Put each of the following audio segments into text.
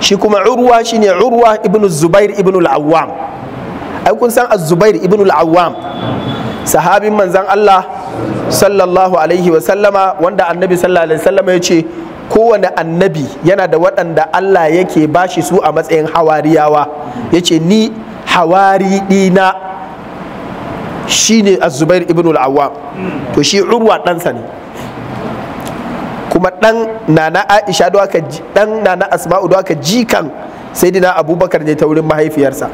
shi kuma urwa shine urwa ibn zubair ibn al'awam Aikun kun san az-zubair ibn al'awam sahabin manzan Allah sallallahu alaihi wa sallama wanda annabi sallallahu alaihi sallama ya ce kowane annabi yana da waɗanda Allah yake bashi su a matsayin hawariyawa ya ce ni hawari ɗina shine ne zubair ibn al'awam to shi urwa ɗansa ne kuma dan nana aisha do aka dan nana asma'u do aka jikan sayyidina abubakar ne ta wurin mahaifiyarsa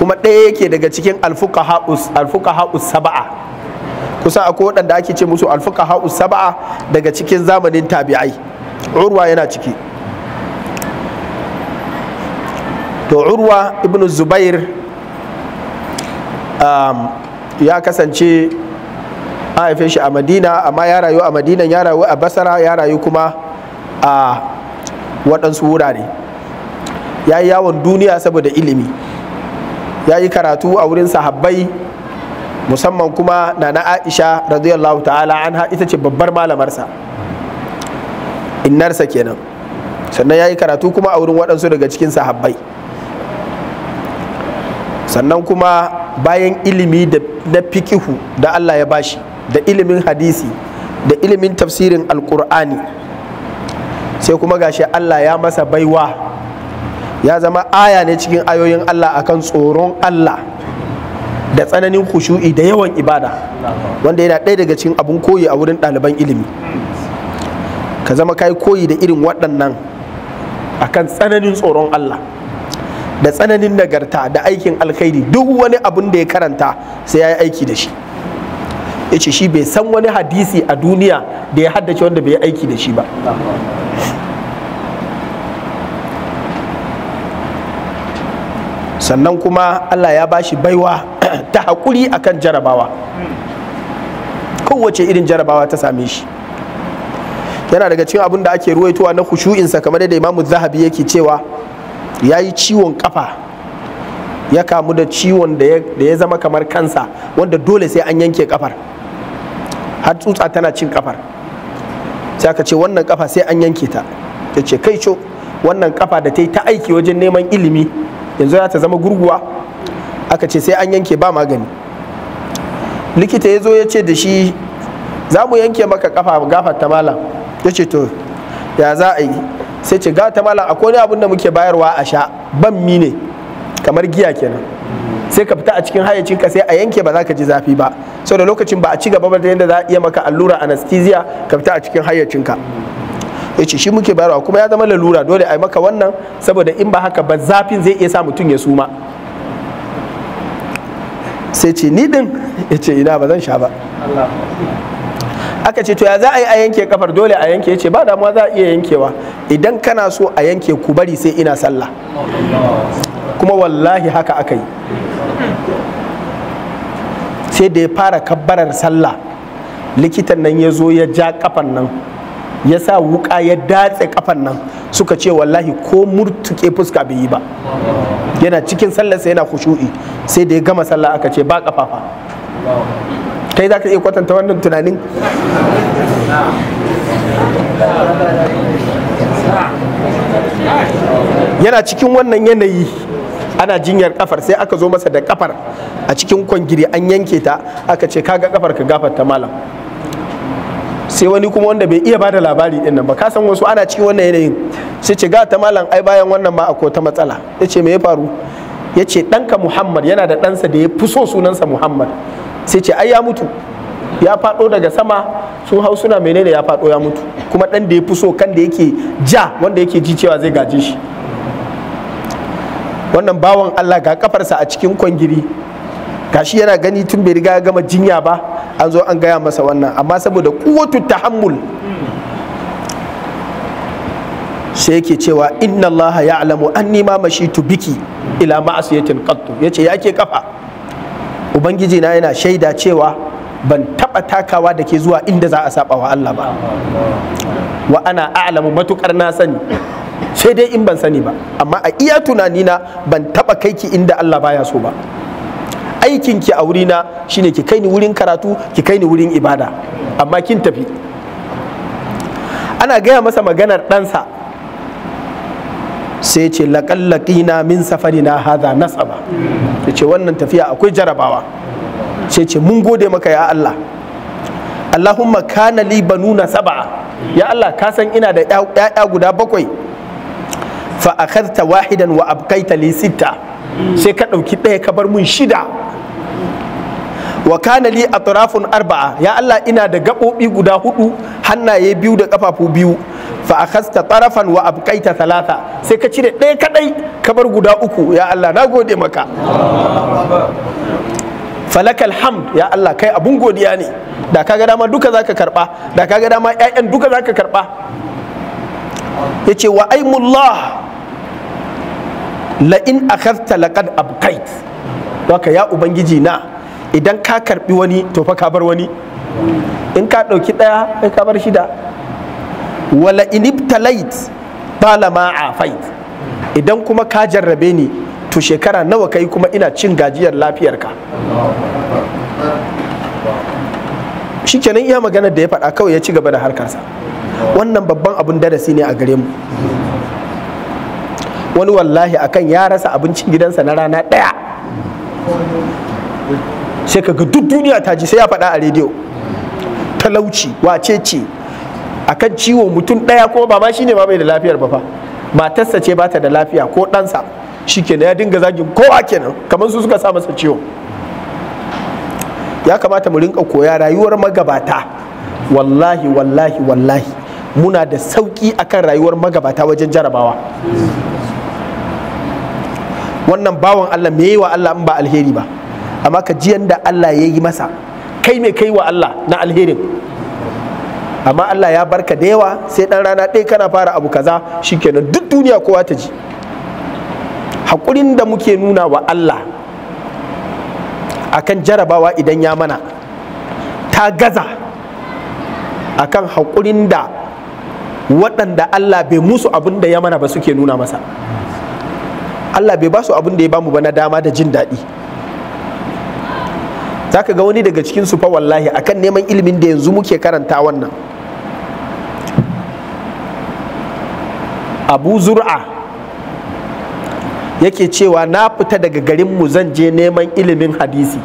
kuma ɗaya yake daga cikin alfuka ha'us saba'a kusan akwai waɗanda ake ce musu alfuka ha'us saba'a daga cikin zamanin tabi'ai urwa yana ciki to urwa ibn zubair um, ya kasance a haife shi a madina amma ya rayu a madina ya rayu a basara ya rayu kuma a waɗansu wurare ya yi yawon duniya saboda ilimi ya yi karatu a wurin sahabbai musamman kuma na na aisha radiyallahu ta'ala anha ita ce babbar malamarsa innarsa kenan sannan ya yi karatu kuma a wurin waɗansu daga cikin sahabbai sannan kuma bayan ilimi da fikihu da Allah ya bashi da ilimin hadisi da ilimin tafsirin alkur'ani sai kuma gashi Allah ya masa baiwa ya zama aya ne cikin ayoyin Allah akan tsoron Allah da tsananin kushu'i da yawan ibada wanda yana ɗaya daga cikin abun koyi a wurin ɗaliban ilimi ka zama kai koyi da irin waɗannan akan tsananin tsoron Allah da tsananin nagarta da aikin alkhairi duk wani abun da ya karanta sai ya yi aiki da shi ya ce shi bai san wani hadisi a duniya da ya haddace wanda bai aiki da shi ba sannan kuma allah ya ba shi baiwa ta haƙuri kan jarabawa kowace irin jarabawa ta same shi yana daga cikin abin da ake ruwaitowa na kushu'insa kamar yadda imamu zahabi yake cewa ya yi ciwon kafa ya kamu da ciwon da ya zama kamar kansa wanda dole sai an yanke kafar har tsutsa tana cin kafar sai aka ce wannan kafa sai an yanke ta ta ce kai co wannan kafa da ta yi ta aiki wajen neman ilimi yanzu za ta zama gurguwa aka ce sai an yanke ba magani likita ya zo ya ce da shi za mu yanke maka kafa gafar ta malam ya ce to ya za a yi sai ce ta malam akwai wani abin da muke bayarwa a sha mi ne kamar giya kenan sai ka fita a cikin hayyacinka sai a yanke ba za ka ji zafi ba sau da lokacin ba a ci gaba ba da yadda za a iya maka allura anesthesia ka fita a cikin hayyacinka ya ce shi muke bayarwa kuma ya zama lalura dole a yi maka wannan saboda in ba haka ba zafin zai iya sa mutum ya suma sai ce ni din ya ce ina ba zan sha ba aka ce to ya za a yi a yanke kafar dole a yanke ya ce ba damuwa za a iya yankewa idan kana so a yanke ku bari sai ina sallah kuma wallahi haka aka yi sai da ya fara kabbarar sallah likitan nan ya zo ya ja kafan nan ya sa wuka ya datse kafan nan suka ce wallahi ko murtuke fuska bai yi ba yana cikin sallarsa yana kushu'i sai da ya gama sallah aka ce ba kafafa kai za ka iya kwatanta wannan tunanin yana cikin wannan yanayi ana jinyar kafar sai aka zo masa da kafar a cikin kwangiri an yanke ta aka ce kaga kafar ka gafarta malam sai wani kuma wanda bai iya bada labari din nan ba ka wasu ana cikin wannan yanayin sai ce ga ta malam ai bayan wannan ma akwai ta matsala ya ce me ya faru ya ce ɗanka muhammad yana da ɗansa da ya fi so sunansa muhammad sai ce ai ya mutu ya faɗo daga sama sun hau suna menene ya faɗo ya mutu kuma ɗan da ya fi so kan da yake ja wanda yake ji cewa zai gaje shi wannan bawan Allah ga kafarsa a cikin kwangiri gashi yana gani tun bai riga gama jinya ba an zo an gaya masa wannan amma saboda kuwatu tahammul sai yake cewa inna allaha ya'lamu an ma tu biki ila ma'asiyatin qattu ya yake kafa ubangiji na yana shaida cewa ban taba takawa da ke zuwa inda za a saba wa Allah ba wa ana a'lamu matukar na sani sai dai in ban sani ba amma a iya tunani na ban taba kai ki inda Allah baya so ba aikin ki a wurina shine ki kai ni wurin karatu ki kai ni wurin ibada amma kin tafi ana gaya masa maganar ɗansa sai ce laƙallaƙina min safari na haza nasaba ya ce wannan tafiya akwai jarabawa sai ce mun gode maka ya Allah Allahumma kana li banuna saba'a ya Allah kasan ina da 'ya'ya guda bakwai fa akhadta wahidan wa abqaita li sitta sai ka dauki ɗaya ka bar mun shida wa kana li atrafun arba'a ya Allah ina da gaɓoɓi guda hudu hannaye biyu da ƙafafu biyu fa akhadta tarafan wa abqaita thalatha sai ka cire ɗaya kadai ka bar guda uku ya Allah na gode maka falakal hamd ya Allah kai abun godiya ne da kaga dama duka zaka karba da kaga dama ƴaƴan duka zaka karba ya ce wa aimullah la'in akhadta laqad abkait waka ya ubangiji na idan ka karbi wani to fa ka bar wani in ka ɗauki ɗaya, in ka bar shida wala inibtalait talama afait idan kuma ka jarrabe ni to shekara nawa kai kuma ina cin gajiyar lafiyarka shikenan iya maganar da ya faɗa kawai ya ci gaba da harkarsa wannan babban abun darasi ne a gare mu wani wallahi akan ya rasa abincin gidansa na rana ɗaya sai kaga duk duniya ta ji sai ya faɗa a rediyo talauci wace ce akan ciwo mutum ɗaya ko ba ma shine ma bai da lafiyar ba fa matarsa ce bata da lafiya ko ɗansa shikenan ya dinga zagin kowa kenan kamar su suka sa masa ciwo ya kamata mu rinka koya rayuwar magabata wallahi wallahi wallahi muna da sauƙi akan rayuwar magabata wajen jarabawa wannan bawan Allah me yi wa Allah in ba alheri ba amma ka ji yanda Allah ya yi masa kai me kai wa Allah na alherin amma Allah ya barka da yawa sai dan rana ɗaya kana fara abu kaza shikenan duk duniya kowa ta ji haƙurin da muke nuna wa Allah akan jarabawa idan ya mana ta gaza akan haƙurin da waɗanda Allah bai musu abin da ya mana ba suke nuna masa Allah bai ba su abin da ya bamu ba na dama da jin daɗi za ka ga wani daga cikin su fa wallahi akan neman ilimin da yanzu muke karanta wannan abu zur'a yake cewa na fita daga garin mu zan je neman ilimin hadisi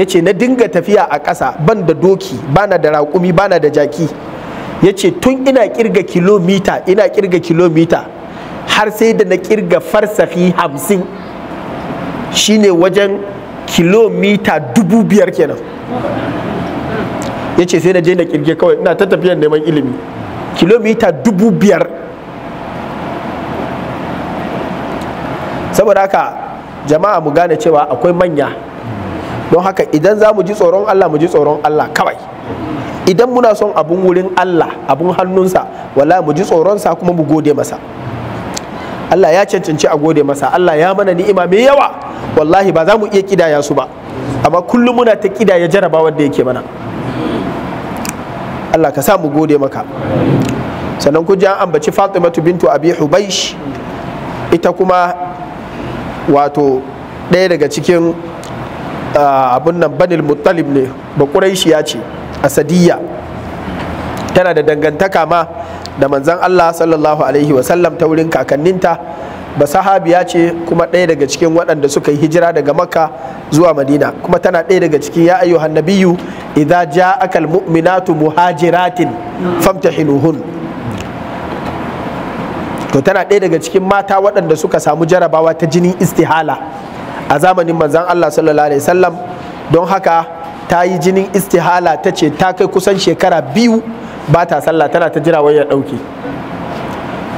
ya ce na dinga tafiya a ƙasa ban da doki bana da raƙumi bana da jaki ya ce tun ina kirga kilomita ina kirga kilomita har sai da na kirga farsafi hamsin shine wajen kilomita dubu biyar kenan ya ce sai na je na kirge kawai ina ta tafiya neman ilimi kilomita dubu biyar saboda haka jama'a mu gane cewa akwai manya don haka idan za mu ji tsoron Allah mu ji tsoron Allah kawai idan muna son abun wurin Allah abun hannunsa wala mu ji tsoronsa kuma mu gode masa Allah ya cancanci a gode masa Allah ya mana ni'ima mai yawa wallahi ba za mu iya kidaya su ba amma kullum muna ta kidaya jaraba wanda yake mana Allah ka sa mu gode maka sannan kun ji an ambaci Fatimatu bintu Abi Hubaysh ita kuma wato ɗaya daga cikin Ah, Abin nan banil muttalib ne ba ya ce asadiyya tana da dangantaka ma da manzan Allah sallallahu alaihi wasallam ta wurin kakanninta ba sahabiya ce kuma ɗaya daga cikin waɗanda suka yi hijira daga makka zuwa madina kuma tana ɗaya daga cikin ya ayyuhan nabiyyu idza ja'akal mu'minatu muhajiratin famtahinuhun to tana ɗaya daga cikin mata waɗanda suka samu jarabawa ta jinin istihala a zamanin manzan Allah sallallahu alaihi wasallam don haka ta yi jinin istihala ta ce ta kai kusan shekara biyu ba ta sallah tana ta jira ya ɗauke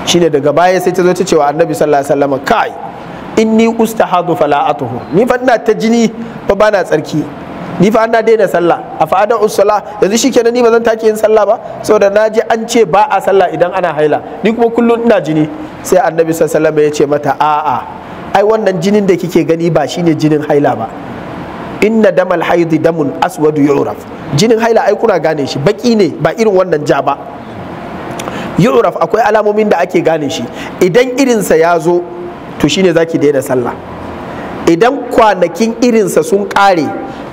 shine daga baya sai ta zo ta cewa annabi sallallahu alaihi wasallam kai inni ustahadu fala atuhu ni fa ina ta jini fa bana tsarki ni fa na daina sallah a fa'adan usala yanzu shikenan ni ba zan take yin sallah ba saboda na ji an ce ba a sallah idan ana haila ni kuma kullun ina jini sai annabi sallallahu alaihi wasallam ya ce mata a'a ai wannan jinin da kike gani ba shine jinin haila ba inna damal haidi damun aswadu yu'raf jinin haila ai kuna gane shi baki ne ba irin wannan ja ba yu'raf akwai alamomin da ake gane shi idan irinsa ya zo to shine zaki daina sallah idan kwanakin irinsa sun kare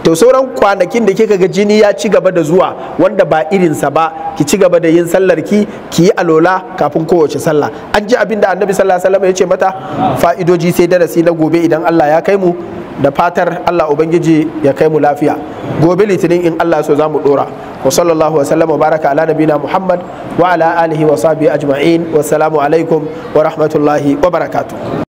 to sauran kwanakin da kika ga jini ya ci gaba da zuwa wanda ba irinsa ba ki ci gaba da yin sallar ki ki yi alola kafin kowace sallah an ji abin da annabi sallallahu alaihi wasallam ya ce mata fa'idoji sai darasi na gobe idan Allah ya kai mu da fatar Allah ubangiji ya kai mu lafiya gobe litinin in Allah so zamu mu dora wa sallallahu wasallam wa baraka ala nabina muhammad wa ala alihi wa sahbihi ajma'in wassalamu alaikum wa rahmatullahi wa barakatuh